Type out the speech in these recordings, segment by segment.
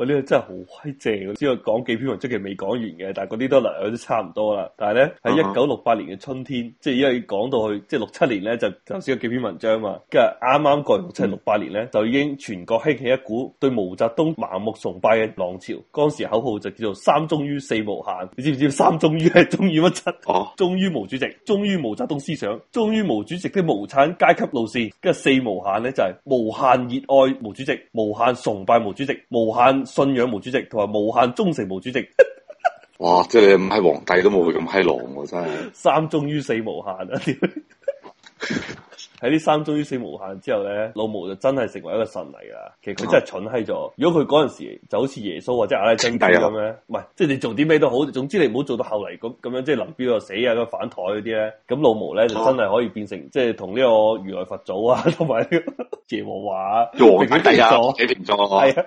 我呢、哎這個真係好威正，只係講幾篇文章，即係未講完嘅，但係嗰啲都嚟，都差唔多啦。但係咧喺一九六八年嘅春天，即係因為講到去即係六七年咧，就頭先有幾篇文章嘛。跟住啱啱過六七六八年咧，就已經全國興起一股對毛澤東盲目崇拜嘅浪潮。當時口號就叫做三忠於四無限，你知唔知三忠於係忠於乜七？ 「忠於毛主席，忠於毛澤東思想，忠於毛主席嘅「無產階級路線。跟住四無限咧就係、是、無限熱愛毛主席，無限崇拜毛主席，無限。信仰毛主席同埋無限忠誠毛主席，哇！即係你唔係皇帝都冇會咁閪狼喎、啊。真係三忠於四無限、啊。喺呢 三忠於四無限之後咧，老毛就真係成為一個神嚟㗎。其實佢真係蠢閪咗。嗯、如果佢嗰陣時就好似耶穌或者阿拉山帝咁樣，唔係、嗯、即係你做啲咩都好，總之你唔好做到後嚟咁咁樣，即係林彪又死啊，反台嗰啲咧。咁老毛咧就真係可以變成、嗯、即係同呢個如來佛祖啊，同埋耶和華啊，皇帝，幾掂咗係啊。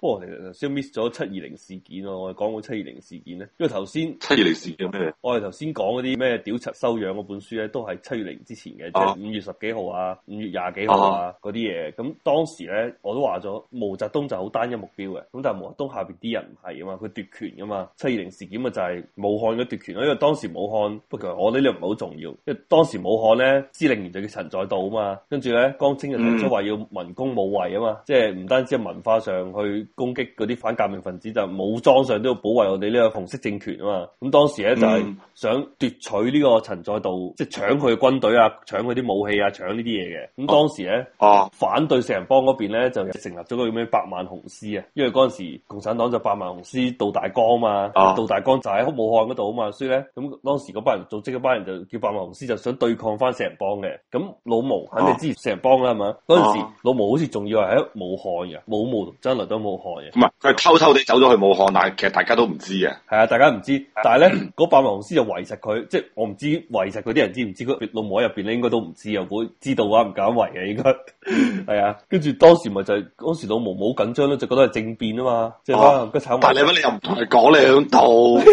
哦，其實先 miss 咗七二零事件咯，麼我哋講個七二零事件咧，因為頭先七二零事件咩？我哋頭先講嗰啲咩屌柒修養嗰本書咧，都係七二零之前嘅，即係五月十幾號啊，五月廿幾號啊嗰啲嘢。咁、啊、當時咧，我都話咗，毛澤東就好單一目標嘅，咁但係毛澤東下邊啲人唔係啊嘛，佢奪權啊嘛。七二零事件啊就係武漢嘅奪權咯，因為當時武漢，不過我呢啲唔係好重要，因為當時武漢咧，司令員就叫陳再道啊嘛，跟住咧，江青就提出話要文攻武衛啊嘛，嗯、即係唔單止係文化上去。攻擊嗰啲反革命分子，就武裝上都要保衛我哋呢個紅色政權啊嘛，咁當時咧就係、是、想奪取呢個陳再道，即係搶佢嘅軍隊啊，搶佢啲武器啊，搶呢啲嘢嘅。咁當時咧，啊、反對四人幫嗰邊咧，就成立咗個咁咩「百萬雄師啊，因為嗰陣時共產黨就百萬雄師渡大江嘛，渡、啊、大江就喺武漢嗰度啊嘛，所以咧，咁當時嗰班人組織嗰班人就叫百萬雄師，就想對抗翻四人幫嘅。咁老毛肯定支持四人幫啦，係嘛，啊？嗰陣時老毛好似仲要係喺武漢嘅，毛毛真來到，武漢嘅唔係佢偷偷地走咗去武漢，但係其實大家都唔知啊。係啊，大家唔知，但係咧嗰百萬雄師就圍實佢，即係我唔知圍實佢啲人知唔知？佢老毛喺入邊咧，應該都唔知又會知道 啊，唔敢圍啊，應該係啊。跟住當時咪就係、是、當時老毛好緊張咧，就覺得係政變啊嘛。即啊個丑，但係乜你又唔同佢講兩套。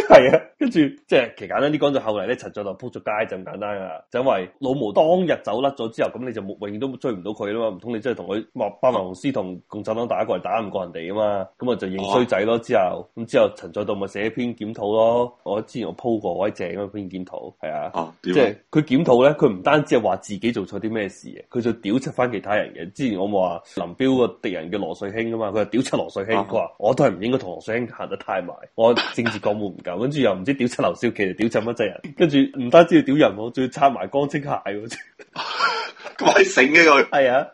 係啊。跟住、啊 啊、即係其簡單啲講就後嚟，咧陳再道就扑咗街，就咁簡單就是、因為老毛當日走甩咗之後，咁你就永遠都追唔到佢啦嘛。唔通你真係同佢話百萬雄師同共產黨打一個，打唔過人哋？啊嘛，咁我、嗯、就認衰仔咯，之後咁之後陳再道咪寫篇檢討咯，我之前我鋪過威正嗰篇檢討，係啊，即係佢檢討咧，佢唔單止係話自己做錯啲咩事，佢就屌出翻其他人嘅。之前我話、啊啊啊、林彪個敵人嘅羅瑞卿啊嘛，佢就屌出羅瑞卿，佢話、啊、我都係唔應該同羅瑞卿行得太埋，我政治覺悟唔夠，跟住 又唔知屌出劉少奇，屌盡乜滯人，跟住唔單止要屌人，我仲要插埋江青鞋，咁閪醒嘅佢，係啊。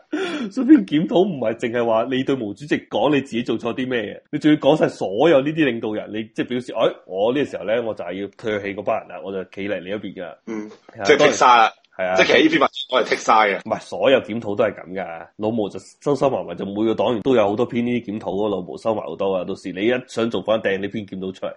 所以邊檢討唔係淨係話你對毛主席講你自己做錯啲咩，你仲要講晒所有呢啲領導人，你即係表示，哎，我呢個時候咧，我就係要唾棄嗰班人啦，我就企嚟你一邊噶，嗯，即係剔晒，係來啊，啊即係企喺呢邊我係剔晒嘅，唔係所有檢討都係咁噶，老毛就收收埋埋，就每個黨員都有好多篇呢啲檢討，老毛收埋好多啊，到時你一想做翻掟呢篇檢討出嚟。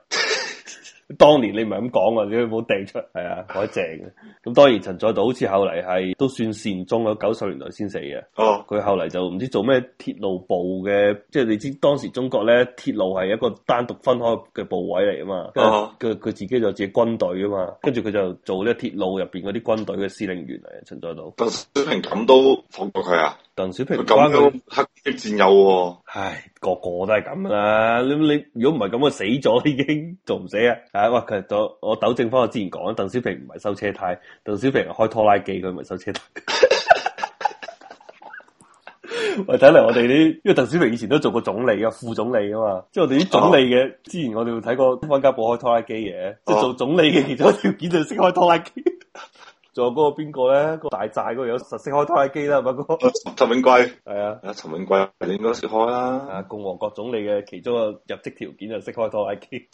當年你唔係咁講啊，你冇好掟出，係啊，好正嘅。咁當然陳再道好似後嚟係都算善終咗九十年代先死嘅。哦、啊，佢後嚟就唔知做咩鐵路部嘅，即、就、係、是、你知當時中國咧鐵路係一個單獨分開嘅部委嚟啊嘛。哦，佢佢自己就自己軍隊啊嘛，跟住佢就做呢鐵路入邊嗰啲軍隊嘅司令員嚟啊。陳再道，鄧小平咁都放過佢啊？鄧小平咁樣黑極戰友，唉，個個都係咁啦。你你如果唔係咁啊，死咗已經做唔死啊。啊，佢我我糾正翻我之前講，鄧小平唔係修車胎，鄧小平開拖拉機，佢唔係修車胎。喂，我睇嚟我哋啲，因為鄧小平以前都做過總理啊，副總理啊嘛。即係我哋啲總理嘅，啊、之前我哋會睇過溫家寶開拖拉機嘅，啊、即係做總理嘅，其中一條件就係識開拖拉機。仲有嗰個邊個呢？那個大寨嗰個有識開拖拉機啦，不、那個？陳永貴係啊，陳永貴你應該識開啦。啊，共和國總理嘅其中個入職條件就係識開拖拉機。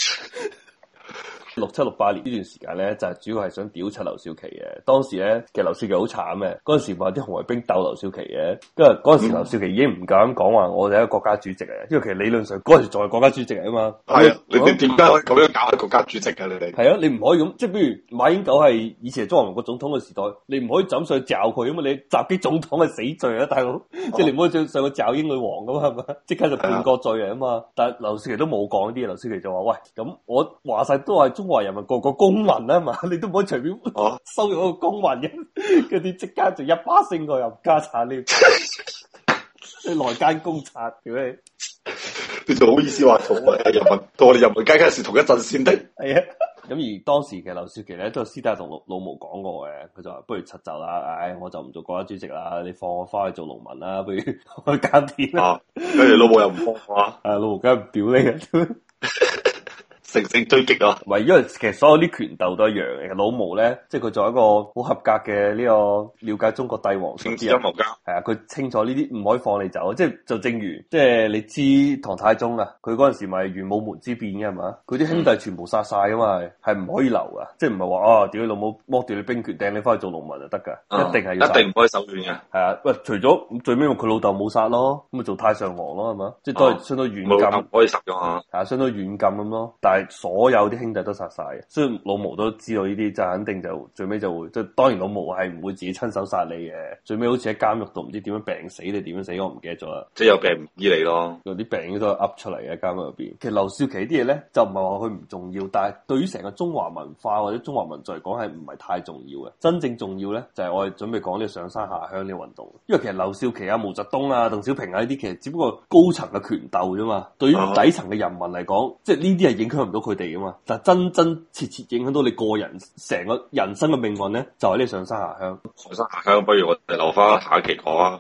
六七六八年呢段時間咧，就係、是、主要係想屌柒劉少奇嘅。當時咧，其實劉少奇好慘嘅。嗰陣時話啲紅衛兵鬥劉少奇嘅，跟住嗰陣時劉少奇已經唔敢講話，我係一個國家主席啊，因為其實理論上嗰陣時仲係國家主席嚟啊嘛。係啊的，你哋點解可以咁樣搞下國家主席嘅？你哋係啊，你唔可以咁，即係比如馬英九係以前係中華民國總統嘅時代，你唔可以枕上去嚼佢，因為你襲擊總統係死罪啊，大佬。即係、哦、你唔可以上去嚼英女王噶嘛，係咪？即刻就判個罪啊嘛。的但係劉少奇都冇講呢啲，劉少奇就話喂，咁我話晒都係中。話人民個個公民啊嘛，你都唔可以隨便收咗個公民嘅嗰啲，即、啊、刻就一巴升過入家產， 你內奸公賊屌你！你仲好意思話同 我哋人民， 同我哋人民街街是同一陣線的？係啊，咁而當時嘅劉少奇咧，都有私底下同老老毛講過嘅，佢就話：不如撤走啦，唉、哎，我就唔做國家主席啦，你放我翻去做農民啦，不如去耕田啦。跟住、啊、老毛又唔放我、啊啊，老毛梗係唔屌你嘅。 乘勝追擊咯，唔係因為其實所有啲拳鬥都一樣嘅。老毛咧，即係佢做一個好合格嘅呢、這個了解中國帝王政治嘅，係啊，佢清楚呢啲唔可以放你走，即係就正如即係你知唐太宗啊，佢嗰陣時咪玄武門之變嘅係嘛，佢啲兄弟全部殺晒噶嘛，係唔、嗯、可以留噶，即係唔係話啊屌你老母，剝掉你兵權，掟你翻去做農民就得噶，一定係、嗯、一定唔可以手軟嘅，係啊，喂，除咗最尾用佢老豆冇殺咯，咁咪做太上皇咯，係嘛，即係都係相當軟禁，唔、嗯、可以殺噶嘛，係啊，相當軟禁咁咯，但係。所有啲兄弟都殺曬，所以老毛都知道呢啲，就肯定就最尾就會即係當然老毛係唔會自己親手殺你嘅，最尾好似喺監獄度唔知點樣病死定點樣死，我唔記得咗啦。即係有病唔醫你咯，有啲病都噏出嚟嘅監獄入面，其實劉少奇啲嘢咧就唔係話佢唔重要，但係對於成個中華文化或者中華民族嚟講係唔係太重要嘅。真正重要咧就係、是、我哋準備講呢上山下鄉呢運動，因為其實劉少奇啊、毛澤東啊、鄧小平啊呢啲其實只不過高層嘅權鬥啫嘛。Uh huh. 對於底層嘅人民嚟講，即係呢啲係影響。到佢哋噶嘛，但真真切切影響到你個人成個人生嘅命運咧，就係你上山下鄉。上山下鄉不如我哋留翻下一下期講啊。